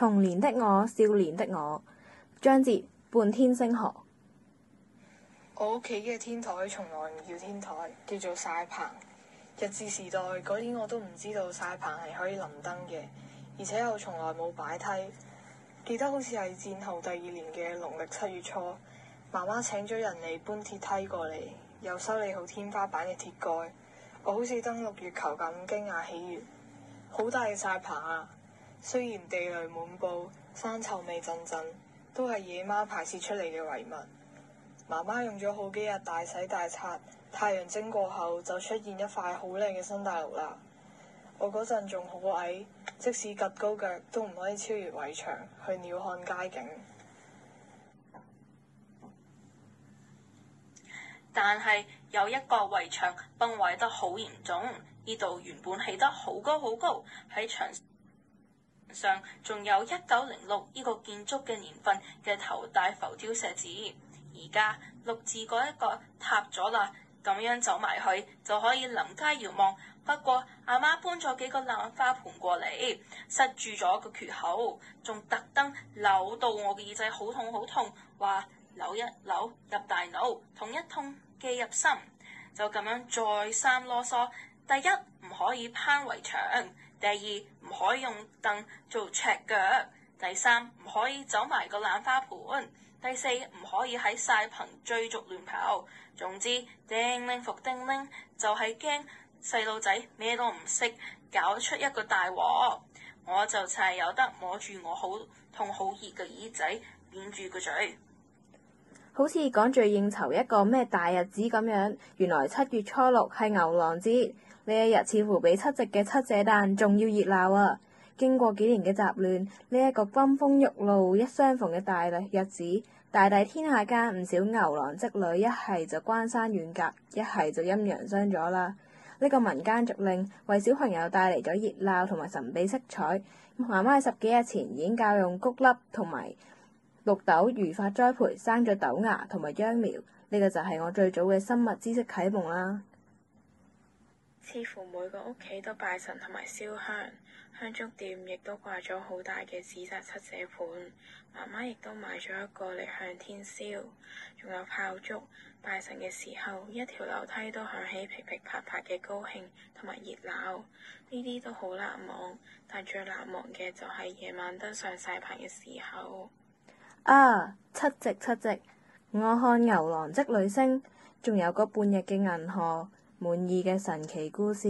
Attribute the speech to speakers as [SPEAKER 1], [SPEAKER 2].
[SPEAKER 1] 童年的我，少年的我，章節，半天星河。
[SPEAKER 2] 我屋企嘅天台從來唔叫天台，叫做晒棚。日治時代嗰年我都唔知道晒棚係可以淋燈嘅，而且又從來冇擺梯。記得好似係戰後第二年嘅農曆七月初，媽媽請咗人嚟搬鐵梯過嚟，又修理好天花板嘅鐵蓋。我好似登陸月球咁驚訝喜悅，好大嘅晒棚啊！雖然地雷滿布、山臭味陣陣，都係野貓排泄出嚟嘅遺物。媽媽用咗好幾日大洗大擦，太陽蒸過後就出現一塊好靚嘅新大陸啦。我嗰陣仲好矮，即使及高腳都唔可以超越圍牆去鳥瞰街景。
[SPEAKER 3] 但係有一個圍牆崩壞得好嚴重，呢度原本起得好高好高喺牆。上仲有一九零六呢個建築嘅年份嘅頭戴浮雕石字，而家六字嗰一個塌咗啦。咁樣走埋去就可以臨街遙望。不過阿媽，媽搬咗幾個爛花盆過嚟，塞住咗個缺口，仲特登扭到我嘅耳仔好痛好痛，話扭一扭入大腦，痛一痛記入心，就咁樣再三囉嗦。第一唔可以攀圍牆。第二唔可以用凳做尺腳，第三唔可以走埋個冷花盆。第四唔可以喺晒棚追逐亂跑。總之叮嚀復叮嚀，就係驚細路仔咩都唔識搞出一個大禍。我就係有得摸住我好痛好熱嘅耳仔，抿住個嘴。
[SPEAKER 1] 好似趕住應酬一個咩大日子咁樣，原來七月初六係牛郎節，呢一日似乎比七夕嘅七姐誕仲要熱鬧啊！經過幾年嘅雜亂，呢一個金風玉露一相逢嘅大日子，大大天下間唔少牛郎織女一係就關山遠隔，一係就陰陽相阻啦。呢個民間俗令為小朋友帶嚟咗熱鬧同埋神秘色彩。媽媽喺十幾日前已經教用穀粒同埋，綠豆如發栽培生咗豆芽同埋秧苗，呢、呢個就係我最早嘅生物知識啟蒙啦。
[SPEAKER 4] 似乎每個屋企都拜神同埋燒香，香燭店亦都掛咗好大嘅紙紮七姐盤，媽媽亦都買咗一個嚟向天燒，仲有炮竹。拜神嘅時候，一條樓梯都響起噼噼啪啪嘅高興同埋熱鬧，呢啲都好難忘。但最難忘嘅就係夜晚登上曬棚嘅時候。
[SPEAKER 1] 啊，七夕七夕，我看牛郎織女星，仲有個半天嘅銀河，滿意嘅神奇故事。